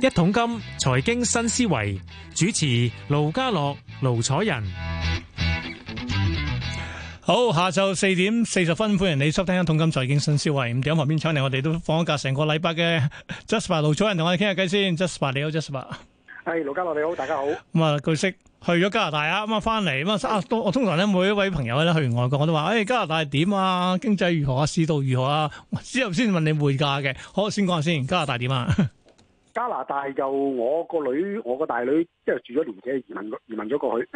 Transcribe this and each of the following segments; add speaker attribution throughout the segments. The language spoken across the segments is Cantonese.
Speaker 1: 一桶金財經新思維主持盧家樂、盧彩仁，好，下晝四點四十分歡迎你收聽一桶金財經新思維。咁電話邊彩嚟，我哋都放咗隔成個禮拜嘅。Just r 盧彩仁同我哋傾下偈先。Just r 你好，Just r
Speaker 2: 係盧
Speaker 1: 家樂，你好，大家好。咁、嗯、啊，據悉去咗加拿大啊，咁啊翻嚟咁啊，啊，我通常咧每一位朋友咧去完外國，我都話誒，加拿大點啊？經濟如何啊？市道如何啊？之後先問你匯價嘅，好，我先講下先。加拿大點啊？
Speaker 2: 加拿大就我個女，我個大女，即、就、係、是、住咗年幾移民，移民咗過去，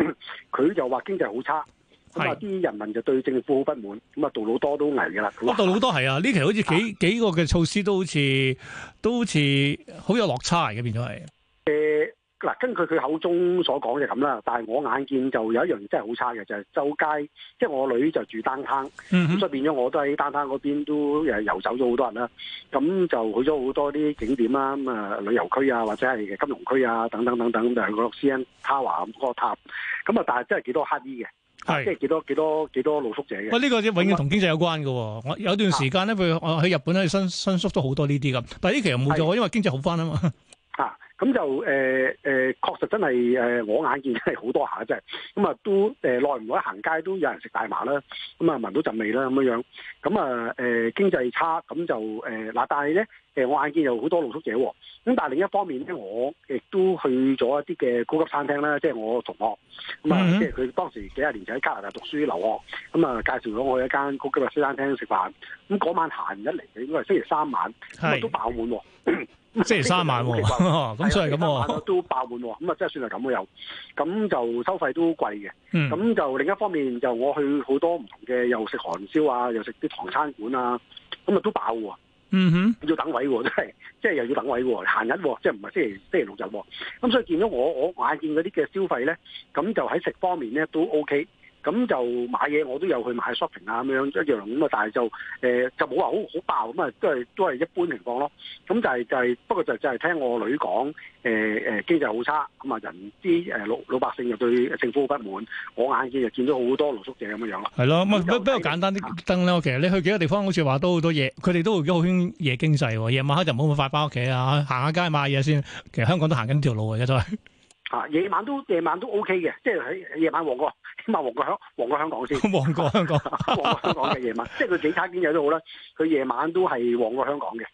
Speaker 2: 佢就話經濟好差，咁啊啲人民就對政府好不滿，咁啊杜魯多都危㗎喇、啊。啊，杜魯多
Speaker 1: 係啊，呢、啊、期好似幾幾個嘅措施都好似都好似好有落差嘅，變咗係。
Speaker 2: 誒。嗱，根據佢口中所講嘅咁啦，但係我眼見就有一樣嘢真係好差嘅，就係周街，即係我女就住單坑，咁所以變咗我都喺單坑嗰邊都誒遊走咗好多人啦。咁就去咗好多啲景點啦，咁、呃、啊旅遊區啊，或者係金融區啊，等等等等，就係個 C N Tower 咁嗰個塔。咁啊，但係真係幾多乞衣嘅，即係幾多幾多幾多露宿者嘅。喂、啊，呢、呢個永遠同
Speaker 1: 經濟有關嘅。我、嗯、有段時間咧，佢我喺日本咧，新新宿咗好多呢啲咁，但係呢期又冇咗，因為經濟好返啊嘛。
Speaker 2: 咁就誒、呃呃、確實真係、呃、我眼見真係好多下真係咁啊，都誒，耐唔耐行街都有人食大麻啦，咁、嗯、啊聞到陣味啦，咁樣咁啊誒經濟差，咁就誒嗱、呃，但係咧我眼見又好多露宿者喎，咁、嗯、但係另一方面咧，我亦都去咗一啲嘅高級餐廳啦，即係我同學咁啊，嗯嗯 mm-hmm. 即係佢當時幾廿年就喺加拿大讀書留學，咁、嗯、啊、嗯、介紹咗我去一間高級嘅西餐廳食飯，咁、嗯、嗰、嗯、晚行一嚟，佢應該係星期三晚，嗯、都爆滿喎。嗯星期三晚，咁所以咁喎都爆滿喎，咁、哦、啊即係、哦啊、算係咁又，咁就收費都貴嘅，咁、嗯、就另一方面就我去好多唔同嘅，又食韓燒啊，又食啲唐餐館啊，咁啊都爆喎，嗯哼，要等位喎，真係，即、就、係、是、又要等位嘅，閒日即係唔係星期星期六日，咁所以見到我我眼見嗰啲嘅消費咧，咁就喺食方面咧都 O K。咁就買嘢，我都有去買 shopping 啊，咁樣一樣咁啊，但係就誒、呃、就冇話好好爆咁啊，都係都係一般情況咯。咁就係、是、就係、是、不過就就係聽我女講，誒、呃、誒經濟好差，咁啊人啲老、呃、老百姓又對政府好不滿，我眼見又見到好多露宿者咁樣
Speaker 1: 係咯，比較較簡單啲燈，咧、啊。其實、OK, 你去幾個地方，好似話都好多嘢，佢哋都會好興夜經濟喎。夜晚黑就冇咁快翻屋企啊，行下街買嘢先。其實香港都行緊條路嘅。都、就是
Speaker 2: 夜晚都夜晚都 O K 嘅，即係喺夜晚旺過，起碼旺過香，旺過香港先，旺 過香港，旺 過香港嘅夜晚，即係佢幾差邊嘢都好啦。佢夜晚都係旺過香港嘅，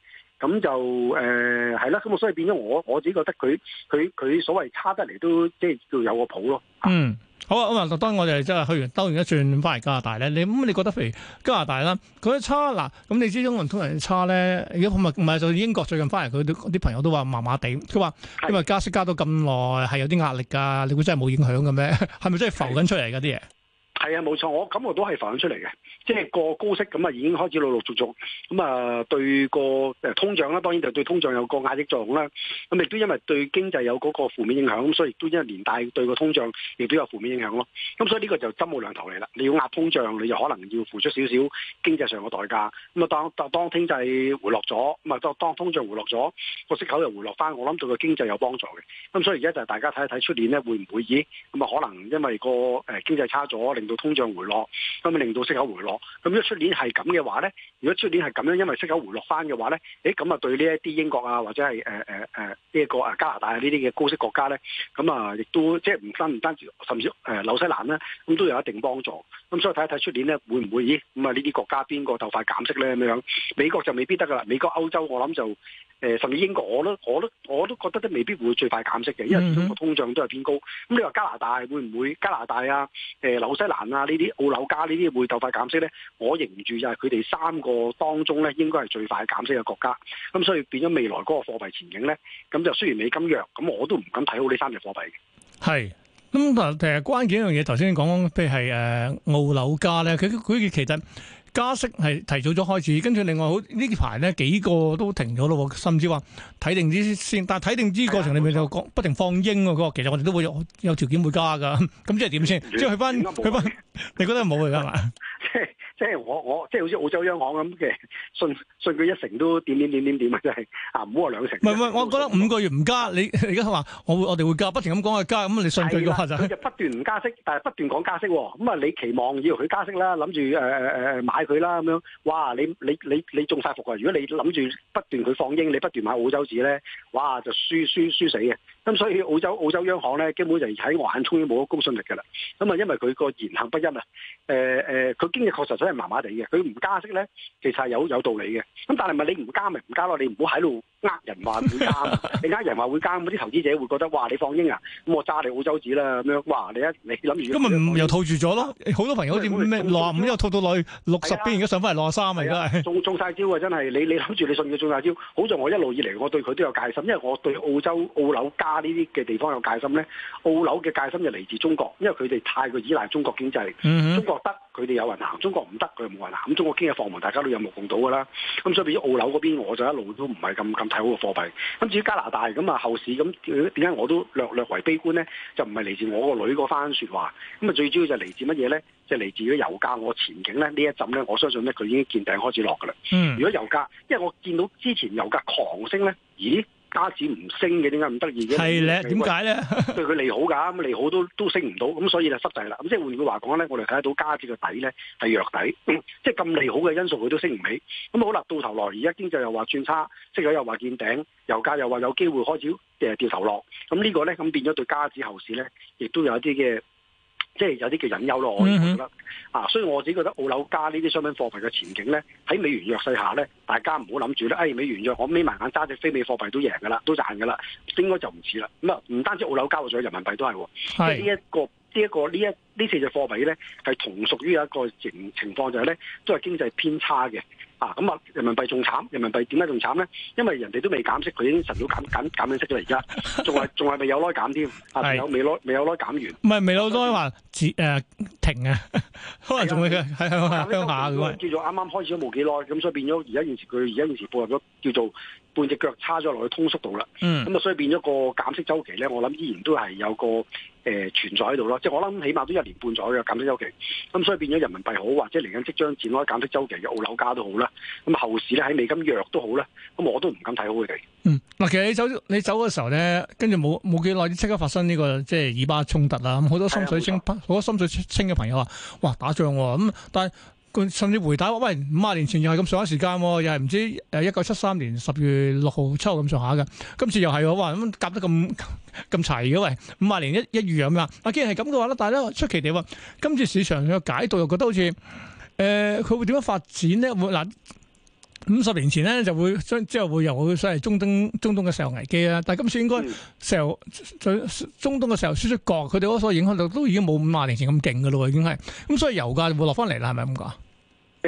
Speaker 2: 咁就誒係啦。咁啊，所以變咗我我自己覺得佢佢佢所謂差得嚟都即係叫有個譜咯。嗯。
Speaker 1: 好啊，咁啊，我哋真係去完兜完一轉翻嚟加拿大咧，你咁你覺得譬如加拿大啦，佢一差嗱，咁你知中文通人差咧？而家唔係就英國最近翻嚟，佢啲朋友都話麻麻地，佢話因為加息加到咁耐，係有啲壓力㗎，啊，你估真係冇影響嘅咩？係咪真係浮緊出嚟㗎啲嘢？
Speaker 2: 係啊，冇錯，我感覺都係浮緊出嚟嘅。即係個高息咁啊，已經開始陸陸續續咁啊，對個誒通脹啦，當然就對通脹有個壓抑作用啦。咁亦都因為對經濟有嗰個負面影響，咁所以亦都因為連帶對個通脹亦都有負面影響咯。咁所以呢個就針冇兩頭嚟啦。你要壓通脹，你就可能要付出少少經濟上嘅代價。咁啊，當當當經濟回落咗，唔係當當通脹回落咗，個息口又回落翻，我諗對個經濟有幫助嘅。咁所以而家就大家睇一睇出年咧會唔會熱？咁啊，可能因為個誒經濟差咗，令到通脹回落，咁啊令到息口回落。咁如果出年係咁嘅話咧，如果出年係咁樣，因為息口回落翻嘅話咧，誒，咁啊對呢一啲英國啊或者係誒誒誒呢一個啊加拿大啊呢啲嘅高息國家咧，咁啊亦都即係唔單唔單止，甚至誒紐西蘭啦，咁都有一定幫助。咁所以睇一睇出年咧會唔會，咦，咁啊呢啲國家邊個就快減息咧咁樣？美國就未必得噶啦，美國、歐洲我諗就。誒、呃，甚至英國，我都我都我都覺得都未必會最快減息嘅，因為佢個通脹都係偏高。咁你話加拿大會唔會加拿大啊？誒、呃，紐西蘭啊？呢啲澳紐加呢啲會夠快減息咧？我認唔住就係佢哋三個當中咧，應該係最快減息嘅國家。咁所以變咗未來嗰個貨幣前景咧，咁就雖然美金弱，咁我都唔敢睇好呢三隻貨幣嘅。
Speaker 1: 係，咁但誒，關鍵一樣嘢，頭先講講，譬如係誒、呃、澳紐加咧，佢佢其實。其其其其加息係提早咗開始，跟住另外好呢排咧幾個都停咗咯，甚至話睇定啲先。但睇定啲過程裏面就不停放鷹喎，嗰、哎、其實我哋都會有，有條件會加噶，咁即係點先？即係去翻、嗯、去翻、嗯，你覺得冇㗎嘛？嗯
Speaker 2: 即係我我即係好似澳洲央行咁嘅，信信佢一成都點點點點點啊，即係啊，唔好話兩成。唔
Speaker 1: 係唔係，我覺得五個月唔加，你而家話我會我哋會加，不停咁講去加，咁你信佢嘅話就係、是、
Speaker 2: 不斷唔加息，但係不斷講加息喎。咁、嗯、啊，你期望要佢加息啦，諗住、呃、買佢啦咁樣，哇！你你你你中曬伏啊！如果你諗住不斷佢放鷹，你不斷買澳洲紙咧，哇！就輸輸輸死嘅。咁、嗯、所以澳洲澳洲央行咧，根本就喺我眼中已經冇咗公信力嘅啦。咁、嗯、啊、嗯，因為佢個言行不一啊。誒、呃、誒，佢經濟確實真係麻麻地嘅。佢唔加息咧，其實係有有道理嘅。咁、嗯、但係咪你唔加咪唔加咯？你唔好喺度。呃人話會加，你呃人話會加，啲投資者會覺得，哇！你放英啊，咁我揸你澳洲紙啦，咁樣，哇！你一你諗住，今日
Speaker 1: 唔又套住咗咯？好多朋友好似咩六啊五，又套到女，六十邊，而家上翻嚟六三啊，而家係
Speaker 2: 中中晒招啊！招真係，你你諗住你信佢中晒招？好在我一路以嚟，我對佢都有戒心，因為我對澳洲澳樓加呢啲嘅地方有戒心咧。澳樓嘅戒心就嚟自中國，因為佢哋太過依賴中國經濟，中國得。佢哋有人行，中國唔得佢冇人行，咁中國經濟放緩，大家都有目共睹噶啦。咁所以澳洲嗰邊，我就一路都唔係咁咁睇好個貨幣。咁至於加拿大咁啊，後市咁點解我都略略為悲觀咧？就唔係嚟自我個女嗰番説話。咁啊，最主要就嚟自乜嘢咧？即係嚟自於油價嗰個前景咧，呢一陣咧，我相信咧佢已經見頂開始落噶啦。如果油價，因為我見到之前油價狂升咧，咦？加指唔升嘅，點解唔得意嘅？係咧，點解咧？ 對佢利好㗎，咁利好都都升唔到，咁所以就失勢啦。咁即係換句話講咧，我哋睇得到加指嘅底咧係弱底，即係咁利好嘅因素佢都升唔起。咁好啦，到頭來而家經濟又話轉差，石油又話見頂，油價又話有機會開始誒掉頭落。咁呢個咧咁變咗對加指後市咧，亦都有一啲嘅。即係有啲叫隱憂咯，我覺得啊，所以我自己覺得澳樓加呢啲商品貨幣嘅前景咧，喺美元弱勢下咧，大家唔好諗住咧，哎，美元弱，我眯埋眼揸隻非美貨幣都贏噶啦，都賺噶啦，應該就唔似啦。咁啊，唔單止澳樓加，或者人民幣都係，即係呢一個呢一，呢個呢一呢四隻貨幣咧，係同屬於一個情情況就係、是、咧，都係經濟偏差嘅。啊，咁啊，人民幣仲慘，人民幣點解仲慘咧？因為人哋都未減息，佢已經實早減減減緊息咗而家，仲係仲係未有耐減添，啊， 有未攞，未有耐減完。
Speaker 1: 唔係未有攞話止誒停啊，可能仲會嘅。係係向下咁叫
Speaker 2: 做啱啱開始都冇幾耐，咁所以變咗而家現時佢而家現時步入咗叫做。半隻腳叉咗落去通縮到啦，咁、嗯、啊所以變咗個減息週期咧，我諗依然都係有個誒、呃、存在喺度咯。即係我諗起碼都一年半左右嘅減息週期，咁、嗯、所以變咗人民幣好，或者嚟緊即將展開減息週期嘅澳樓價都好啦。咁後市咧，喺美金弱都好咧，咁我都唔敢睇好佢哋。
Speaker 1: 嗯，嗱、嗯嗯、其實你走你走嗰時候咧，跟住冇冇幾耐，即刻發生呢、這個即係以巴衝突啦、啊。咁好多心水清，好多心水清嘅朋友話：哇，打仗喎、啊！咁、嗯、但係。甚至回答喂，五十年前又係咁上下時間、啊，又係唔知誒一九七三年十月六號七號咁上下嘅，今次又係我話咁夾得咁咁齊嘅喂，五十年一一遇咁樣啊！既然係咁嘅話咧，但係出奇地喎，今次市場嘅解讀又覺得好似誒佢會點樣發展呢？會嗱五十年前呢就會將之後會由所謂中東中東嘅石油危機啦，但係今次應該石油、嗯、中東嘅石油輸出國佢哋嗰所影響力都已經冇五十年前咁勁嘅咯，已經係咁，所以油價就會落翻嚟啦，係咪咁講？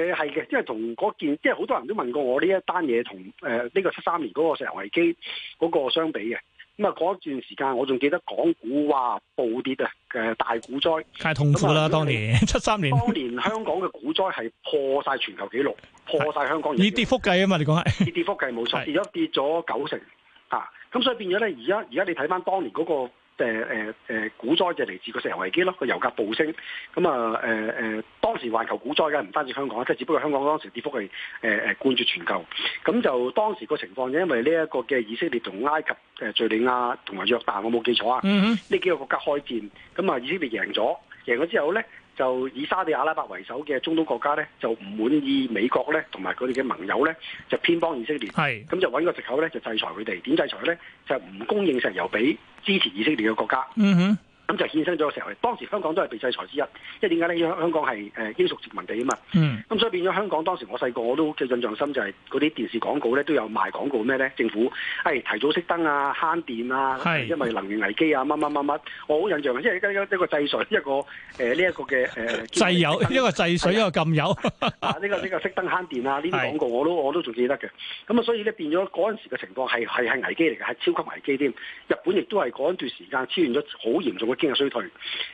Speaker 2: 誒，係嘅，即係同嗰件，即係好多人都問過我呢一單嘢，同誒呢個七三年嗰個石油危機嗰個相比嘅。咁啊，嗰段時間我仲記得港股哇暴跌啊，誒、呃、大股災，太痛苦啦當年七三年。當年香港嘅股災係破晒全球紀錄，破晒香港以跌
Speaker 1: 幅計啊嘛，你講下，
Speaker 2: 以跌幅計冇錯，而家跌咗九成啊，咁所以變咗咧，而家而家你睇翻當年嗰、嗰個。誒誒誒，股、呃、災就嚟自個石油危機咯，個油價暴升。咁啊誒誒，當時環球股災梗係唔單止香港，即係只不過香港當時跌幅係誒誒冠絕全球。咁就當時個情況就因為呢一個嘅以色列同埃及、誒、呃、敍利亞同埋約旦，我冇記錯啊。呢幾個國家開戰，咁啊以色列贏咗，贏咗之後咧就以沙地阿拉伯為首嘅中東國家咧就唔滿意美國咧同埋佢哋嘅盟友咧就偏幫以色列。係。咁就揾個藉口咧就制裁佢哋，點制裁咧就唔供應石油俾支持以色列嘅國家。嗯哼。咁就衍生咗個時候。當時香港都係被制裁之一，即係點解咧？香港係誒英屬殖民地啊嘛。咁、嗯、所以變咗香港當時我細個我都嘅印象深，就係嗰啲電視廣告咧都有賣廣告咩咧？政府係、哎、提早熄燈啊、慳電啊，因為能源危機啊，乜乜乜乜。我好印象，因為一一個制裁一個誒呢一個嘅誒制油，一個
Speaker 1: 制水一個禁油。
Speaker 2: 啊，呢個呢、 啊這個熄、這個、燈慳電啊呢啲廣告我都我都仲記得嘅。咁啊，所以咧變咗嗰陣時嘅情況係係係危機嚟嘅，係超級危機添。日本亦都係嗰段時間出現咗好嚴重嘅。經濟衰退，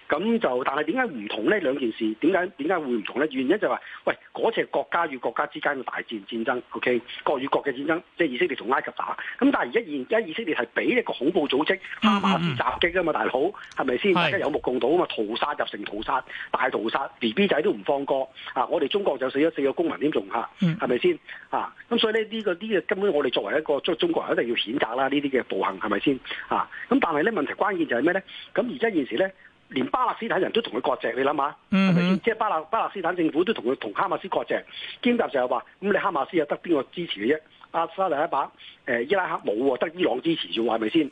Speaker 2: 咁就但係點解唔同呢兩件事，點解點解會唔同咧？原因就係話，喂，嗰隻國家與國家之間嘅大戰戰爭，O.K. 國與國嘅戰爭，即係以色列同埃及打。咁但係而家而家以色列係俾一個恐怖組織哈馬斯襲擊啊嘛，大佬係咪先？大家有目共睹啊嘛，屠殺入城屠殺，大屠殺，B.B. 仔都唔放過啊！我哋中國就死咗四個公民添，仲吓，係咪先？啊，咁所以咧、呢、呢個呢、呢個根本我哋作為一個即係中國人，一定要譴責啦呢啲嘅暴行，係咪先？啊，咁但係咧問題關鍵就係咩咧？咁而家。件事咧，連巴勒斯坦人都同佢割席，你諗下，即係巴勒巴勒斯坦政府都同佢同哈馬斯割席，兼及就係話，咁你哈馬斯又得邊個支持嘅啫？阿沙利亞把，誒、呃、伊拉克冇喎，得伊朗支持住，係咪先？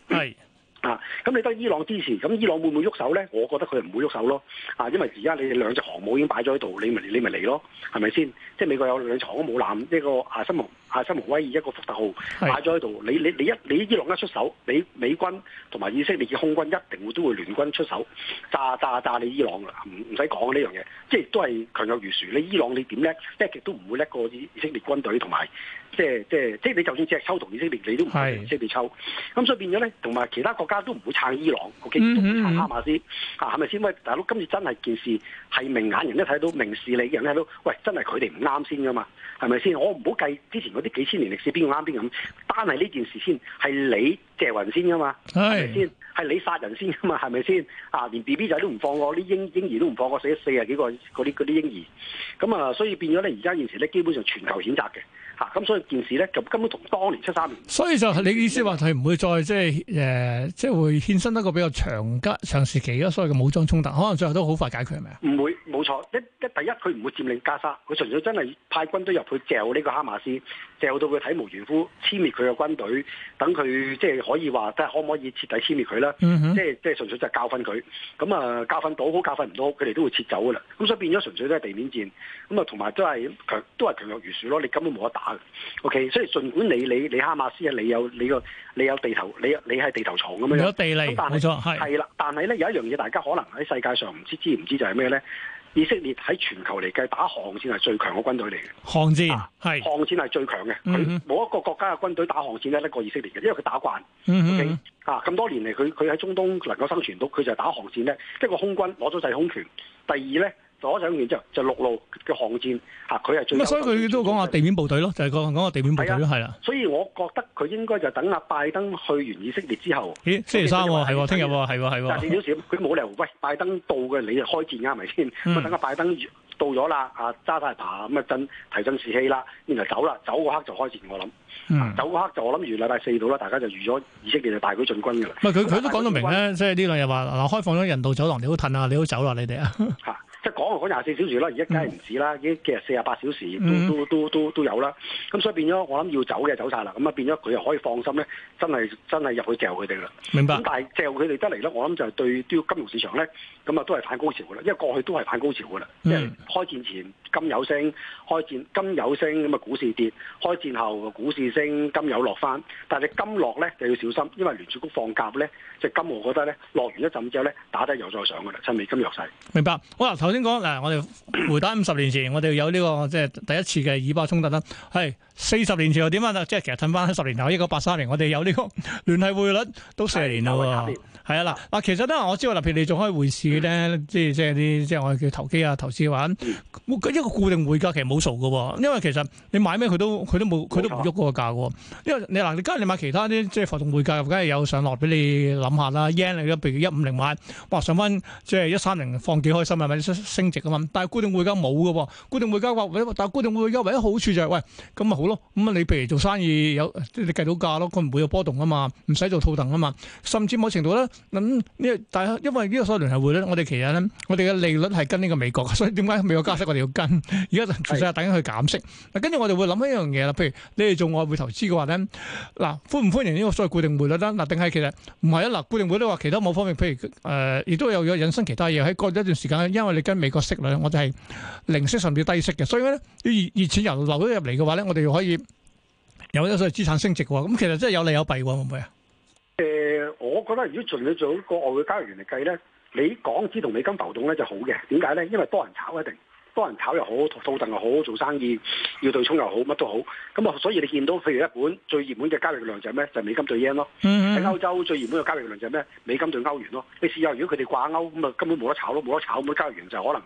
Speaker 2: 啊！咁你得伊朗支持，咁伊朗會唔會喐手咧？我覺得佢唔會喐手咯。啊，因為而家你哋兩隻航母已經擺咗喺度，你咪你咪嚟咯，係咪先？即係美國有兩隻航母艦，一個艾森豪、啊、艾森豪威爾一個福特號擺咗喺度，你你你一你伊朗一出手，你美軍同埋以色列嘅空軍一定會都會聯軍出手炸炸炸你伊朗㗎，唔唔使講呢樣嘢，即係都係強弱懸殊。你伊朗你點叻？即係亦都唔會叻過以色列軍隊同埋。即係即係即係，你就算隻抽同以色列，你都唔會以色列抽。咁所以變咗咧，同埋其他國家都唔會撐伊朗，ok 準、嗯嗯嗯、撐哈馬斯。啊，係咪先？喂，大佬今次真係件事係明眼人都睇到明示你，明事理嘅人睇到，喂，真係佢哋唔啱先㗎嘛？係咪先？我唔好計之前嗰啲幾千年歷史邊個啱邊個唔啱，單係呢件事先係你。射雲先㗎嘛，係先？係你殺人先㗎嘛，係咪先？啊，連 B B 仔都唔放過，啲嬰嬰兒都唔放過，死咗四十幾個嗰啲啲嬰兒。咁啊，所以變咗咧，而家現時咧，基本上全球譴責嘅嚇。咁、啊、所以件事咧，就根本同當年七三年。所以就
Speaker 1: 你意思話係唔會再即係誒，即、呃、係會衍生一個比較長加長時期嘅所謂嘅武裝衝突，可能最後都好快解決係咪啊？
Speaker 2: 唔會，冇錯。一一第一，佢唔會佔領加沙，佢純粹真係派軍隊入去嚼呢個哈馬斯，嚼到佢體無完膚，殲滅佢嘅軍隊，等佢即係。可以話，但係可唔可以徹底殲滅佢咧、嗯？即係即係純粹就係教訓佢。咁、嗯、啊，教訓到好，教訓唔到，佢哋都會撤走噶啦。咁所以變咗純粹都係地面戰。咁啊，同埋都係強，都係強弱如鼠咯。你根本冇得打嘅。O、okay? K，所以儘管你你你，你哈馬斯啊，你有你個你有地頭，你你係地頭藏咁樣有地利，冇錯係啦。但係咧有一樣嘢，大家可能喺世界上唔知知唔知就係咩咧？以色列喺全球嚟計打航戰係最強嘅軍隊嚟嘅，航戰係航、啊、戰係最強嘅，佢冇一個國家嘅軍隊打航戰咧叻過以色列嘅，因為佢打慣，吓、嗯、咁、okay? 啊、多年嚟佢佢喺中東能夠生存到，佢就係打航戰咧，一個空軍攞咗制空權，第二咧。攞上完之後就陸路嘅巷戰嚇，佢、啊、係最。咁所以佢
Speaker 1: 都講下地面部隊咯，就係講講下地面部隊係啦。
Speaker 2: 所以我覺得佢應該就等阿拜登去完以色列之後。
Speaker 1: 咦？星期三喎、啊，係喎，聽日喎，係喎、啊，係喎。廿四小
Speaker 2: 時佢冇理由，喂，拜登到嘅你就開戰啊，係、嗯、咪先？咁等阿拜登到咗啦，啊，揸大炮咁啊，震提振士氣啦，然後就走啦，走個刻就開戰，我諗、嗯。走個刻就我諗，預禮拜四到啦，大家就預咗以色列就大舉進軍㗎啦。唔佢佢都講到明咧，
Speaker 1: 即係呢兩日話嗱，開放咗人道走廊，你好褪啊，你好走啦，你哋啊。嚇！
Speaker 2: 即係講講廿四小時啦，而家梗係唔止啦，已經其實四十八小時都、嗯、都都都有啦。咁所以變咗，我諗要走嘅走晒啦。咁啊變咗佢又可以放心咧，真係真係入去嚼佢哋啦。明白。咁但係嚼佢哋得嚟咧，我諗就係對啲金融市場咧，咁啊都係反高潮噶啦。因為過去都係反高潮噶啦、嗯，即
Speaker 1: 係
Speaker 2: 開戰前金有升，開戰金有升，咁啊股市跌，開戰後股市升，金有落翻。但係金落咧就要小心，因為聯儲局放鴿咧，即、就、係、是、金我覺得咧落完一陣之後咧打低又再上噶啦，趁美金弱勢。
Speaker 1: 明白。好啦，先講嗱，我哋回睇五十年前，我哋有呢個即係第一次嘅以巴衝突啦。係四十年前又點啊？即係其實褪翻十年後，一九八三年我哋有呢個聯繫匯率都四十年啦喎。係啊嗱，嗱其實都我知道，譬如你仲開匯市咧，即係即係啲即係我哋叫投機啊、投資玩，一個固定匯價其實冇數嘅喎，因為其實你買咩佢都佢都冇佢都唔喐嗰個價嘅。因為你嗱，你家你買其他啲即係浮動匯價，梗係有上落俾你諗下啦。yen 你都譬如一五零買，哇上翻即係一三零放幾開心係咪？升值嘛，但係固定匯價冇嘅喎，固定匯價話，但係固定匯價唯一好處就係、是、喂，咁咪好咯，咁、嗯、啊你譬如做生意有即你計到價咯，佢唔會有波動啊嘛，唔使做套戥啊嘛，甚至某程度咧，咁、嗯、呢？但係因為呢個所謂聯繫匯率，我哋其實咧，我哋嘅利率係跟呢個美國，所以點解美國加息我哋要跟？而家等緊去減息，跟住我哋會諗一樣嘢啦。譬如你哋做外匯投資嘅話咧，嗱歡唔歡迎呢個所謂固定匯率啦？嗱定係其實唔係啊，嗱固定匯率話其他某方面，譬如誒，亦、呃、都有引申其他嘢喺過一段時間，因為你。美國息率，我就係零息甚至低息嘅，所以咧啲熱熱錢又流咗入嚟嘅話咧，我哋又可以有啲所謂資產升值嘅，咁其實真係有利有弊，會唔會啊？
Speaker 2: 誒、呃，我覺得如果純粹做國外嘅交易員嚟計咧，你港紙同美金浮動咧就好嘅，點解咧？因為多人炒一定？幫人炒又好，套戥又好，做生意要對沖又好，乜都好。咁啊，所以你見到譬如日本最熱門嘅交易量就係咩？就係、美金對 yen 咯。喺、mm-hmm. 歐洲最熱門嘅交易量就係咩？美金對歐元咯。你試下，如果佢哋掛鈎，咁啊根本冇得炒咯，冇得炒咁啲交易員就可能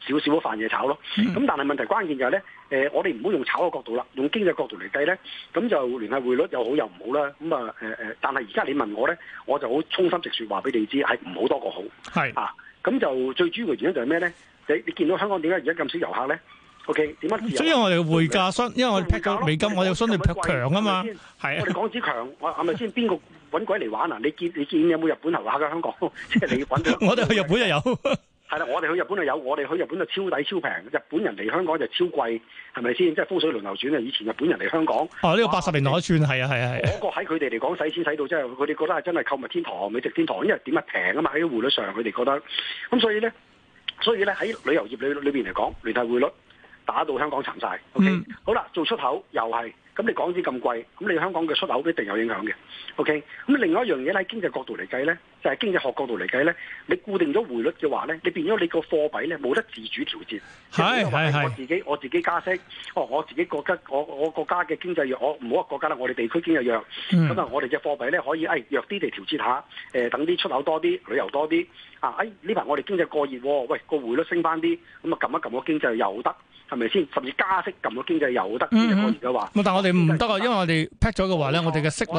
Speaker 2: 少少咗飯嘢炒咯。咁、mm-hmm. 但係問題關鍵就係、是、咧，誒我哋唔好用炒嘅角度啦，用經濟角度嚟計咧，咁就聯繫匯率又好又唔好啦。咁啊誒誒，但係而家你問我咧，我就好衷心直説話俾你知，係唔好多過好。係啊，咁就最主要嘅原因就係咩咧？你你見到香港點解而家咁少遊客咧？OK，點解？所以我哋匯價
Speaker 1: 因為我劈咗美金，我有新力劈強啊嘛，
Speaker 2: 係啊。我哋港紙強，我係咪先？邊個揾鬼嚟玩啊？你見你見你有冇日本遊客嘅香港？即 係你揾到。 我哋去日本又有。係啦， 我哋去日本又有，我哋去日本就超抵超平。日本人嚟香港就超貴，係咪先？即係風水輪流轉啊！以前日本人嚟香港。
Speaker 1: 哦，呢個八十年代轉係啊係啊係。我
Speaker 2: 覺得喺佢哋嚟講，使錢使到即係佢哋覺得係真係購物天堂、美食天堂，因為點解平啊嘛喺匯率上，佢哋覺得咁，所以咧。所以咧喺旅遊業裏裏邊嚟講，聯繫匯率打到香港殘晒。okay? Mm. 好啦，做出口又係。咁你港紙咁貴，咁你香港嘅出口一定有影響嘅，OK？咁另外一樣嘢喺經濟角度嚟計咧，就係、是、經濟學角度嚟計咧，你固定咗匯率嘅話咧，你變咗你個貨幣咧冇得自主調節，即係、就是、我自己我自己加息，哦，我自己國家我我國家嘅經濟弱，我唔好話國家啦，我哋地區經濟弱，咁、嗯、啊我哋嘅貨幣咧可以誒、哎、弱啲地調節下，呃、等啲出口多啲，旅遊多啲啊！呢、哎、呢排我哋經濟過熱，喂按按個匯率升翻啲，咁啊撳一撳個經濟又得。係咪先？甚至加息撳個經濟又得。我而家話，
Speaker 1: 唔但係我哋唔得啊，因為我哋 pack 咗嘅話咧，我哋嘅息率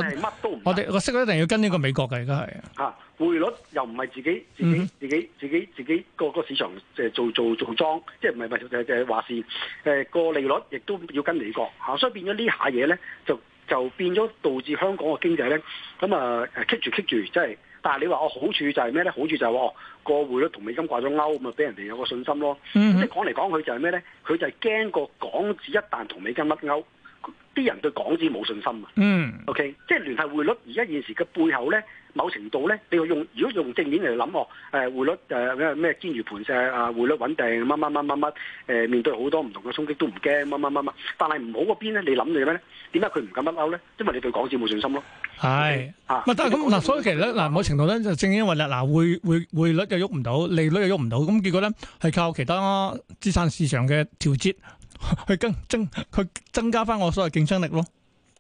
Speaker 1: 我哋我個息率一定要跟呢個美國嘅而家係
Speaker 2: 啊，匯率又唔係自己自己自己自己自己個個市場誒、呃、做做做莊，即係唔係唔係誒誒話事誒個利率亦都要跟美國嚇、啊，所以變咗呢下嘢咧，就就變咗導致香港嘅經濟咧咁啊誒 keep 住 keep 住即係但係你話我好處就係咩咧？好處就係、就係、哦，個匯率同美金掛咗鈎，咁咪俾人哋有個信心咯。即係講嚟講去就係咩咧？佢就係驚個港紙一旦同美金甩鈎，啲人對港紙冇信心啊。嗯、mm-hmm.，OK，即係聯繫匯率而家現時嘅背後咧。.某程度咧，你要用如果用正面嚟諗，誒、喔、匯率誒咩咩堅如磐石啊，匯率穩定，乜乜乜乜乜，誒面對好多唔同嘅衝擊都唔驚，乜乜乜乜，但係唔好嗰邊咧，你諗你咩咧？點解佢唔敢甩鈎咧？因為你對港紙冇信心咯。
Speaker 1: 係啊，唔得咁嗱，所以其實嗱某程度咧，就正因為啦，嗱匯匯匯率又喐唔到，利率又喐唔到，咁結果咧係靠其他資產市場嘅調節去增增去增加翻我所謂競爭力咯。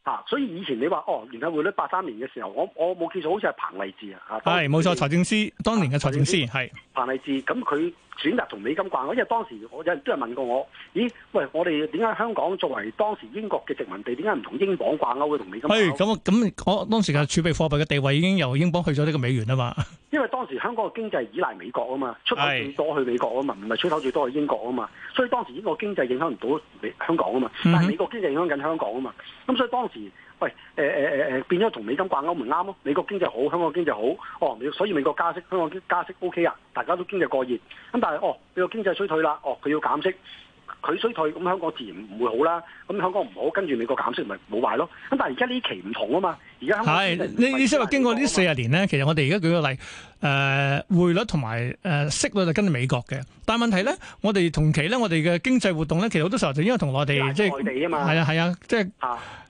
Speaker 2: 啊、所以以前你話哦，聯繫匯率八三年嘅時候，我我冇記錯，好似係彭勵治啊。係冇錯，財
Speaker 1: 政司當年嘅財政司係、
Speaker 2: 啊、彭勵治。咁佢選擇同美金掛鈎，因為當時我有人都係問過我，咦，喂，我哋點解香港作為當時英國嘅殖民地，點解唔同英鎊掛鈎嘅同美金掛
Speaker 1: 勾？係咁咁我當時嘅儲備貨幣嘅地位已經由英鎊去咗呢個美元啊嘛。
Speaker 2: 因為當時香港嘅經濟係依賴美國啊嘛，出口最多去美國啊嘛，唔係出口最多去英國啊嘛。所以當時英國經濟影響唔到香港啊嘛，但係美國經濟影響緊香港啊嘛。咁所以當時，喂、欸，誒誒誒誒，變咗同美金掛鈎唔啱咯。美國經濟好，香港經濟好，哦，所以美國加息，香港加息 OK 啊，大家都經濟過熱。咁但係哦，美國經濟衰退啦，哦，佢要減息，佢衰退，咁、嗯、香港自然唔會好啦。咁、嗯、香港唔好，跟住美國減息咪冇壞咯。咁但係而家呢期唔同啊嘛。係，你
Speaker 1: 你即係話經過呢四十年咧，其實我哋而家舉個例，誒、呃、匯率同埋誒息率就跟住美國嘅，但係問題咧，我哋同期咧，我哋嘅經濟活動咧，其實好多時候就因為同我地即係嘛，係啊係啊，啊，啊，即係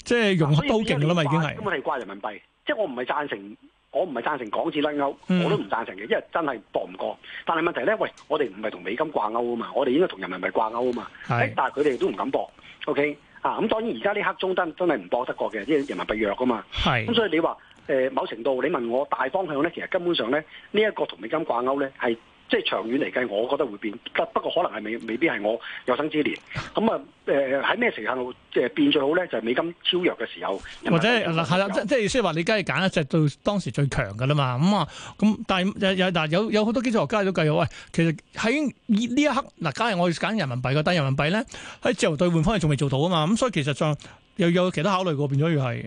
Speaker 1: 即係融合都好勁噶啦嘛，已經係。咁
Speaker 2: 係掛人民幣，即係我唔係贊成，我唔係贊成港紙甩勾，我都唔贊成嘅，因為真係搏唔過。但係問題咧，喂，我哋唔係同美金掛鈎啊嘛，我哋應該同人民幣掛鈎啊嘛，但係佢哋都唔敢搏，OK。啊，咁當然而家呢刻中登真係唔博得過嘅，因為人民幣弱噶嘛。係，咁所以你話、呃、某程度你問我大方向咧，其實根本上咧呢一、這個同美金掛鈎咧係。即係長遠嚟計，我覺得會變，不不過可能係未未必係我有生之年咁啊。誒喺咩時間度即係變最好咧？就係、是、美金超弱嘅時候，或者係
Speaker 1: 嗱係啦，即係即係，即係話你梗係揀一隻到當時最強嘅啦嘛。咁啊咁，但係有嗱有有好多經濟學家都計好，喂，其實喺呢一刻嗱，假如我要揀人民幣嘅，但人民幣咧喺自由兌換方面仲未做到啊嘛。咁所以其實上又有其他考慮過變咗，要係。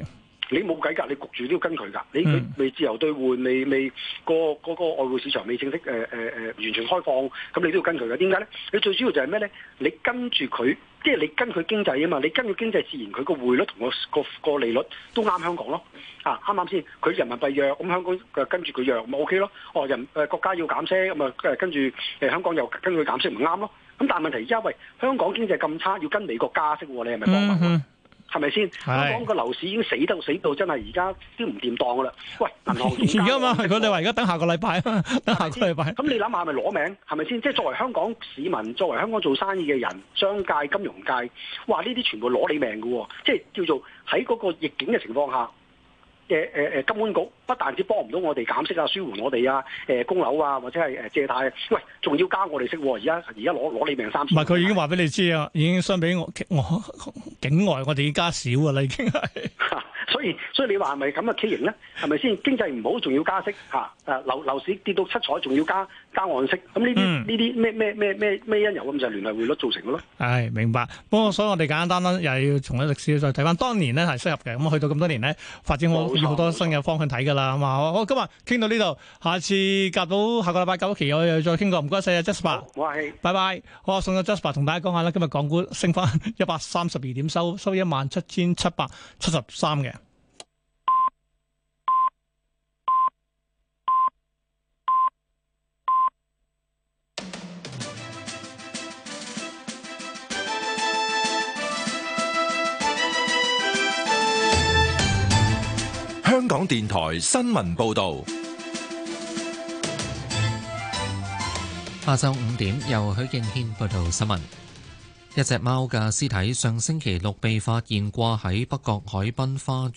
Speaker 2: 你冇計㗎，你焗住都要跟佢㗎。你未自由兌換，未未個嗰個,個外匯市場未正式誒誒、呃呃、完全開放，咁你都要跟佢㗎。點解咧？你最主要就係咩咧？你跟住佢，即係你跟佢經濟啊嘛。你跟佢經濟，自然佢個匯率同個個個利率都啱香港咯。啊，啱啱先，佢人民幣弱，咁香港跟住佢弱，咪 OK 咯。哦，人誒、呃、國家要減息，咁啊跟住、呃、香港又跟佢減息，唔啱咯。咁但係問題而、就、家、是、喂，香港經濟咁差，要跟美國加息喎，你係咪幫係咪先？香港個樓市已經死得死到，真係而家都唔掂當噶啦。喂，
Speaker 1: 銀行跌啊嘛！佢哋話而家等下個禮拜啊
Speaker 2: 嘛，等下個禮拜。咁你諗下，係咪攞命？係咪先？即係作為香港市民，作為香港做生意嘅人，商界、金融界，嘩，呢啲全部攞你命嘅喎、哦。即係叫做喺嗰個逆境嘅情況下，誒誒誒，金管局。不但止幫唔到我哋減息啊，舒緩我哋啊，誒、呃、供樓啊，或者係誒借貸、啊，喂，仲要加我哋息喎、啊！而家而家攞攞你命三千。
Speaker 1: 唔係，佢已經話俾你知啊，已經相比我我境外，我哋要加少噶啦，已經係、啊。
Speaker 2: 所以所以你話係咪咁嘅畸形咧？係咪先，經濟唔好，仲要加息嚇？啊，樓樓市跌到七彩，仲要加加岸息。咁呢啲呢啲咩咩咩咩咩因由咁就聯繫匯率造成嘅咯。
Speaker 1: 係、哎、明白。不過所以我哋簡簡單單又要從歷史再睇翻，當年咧係適合嘅，咁去到咁多年咧，發展我有好多新嘅方向睇噶啦。啊、嗯，好，今日傾到呢度，下次夾到下個禮拜九期，我又再傾過，唔該晒啊，Jasper，喂，拜拜，好啊，送咗 Jasper 同大家講下啦，今日港股升翻一百三十二點收，收收一萬七千七百七十三嘅。香港電台新聞報道，下晝五點由許敬軒報道新聞。一隻貓嘅屍體上星期六被發現掛喺北角海濱花園。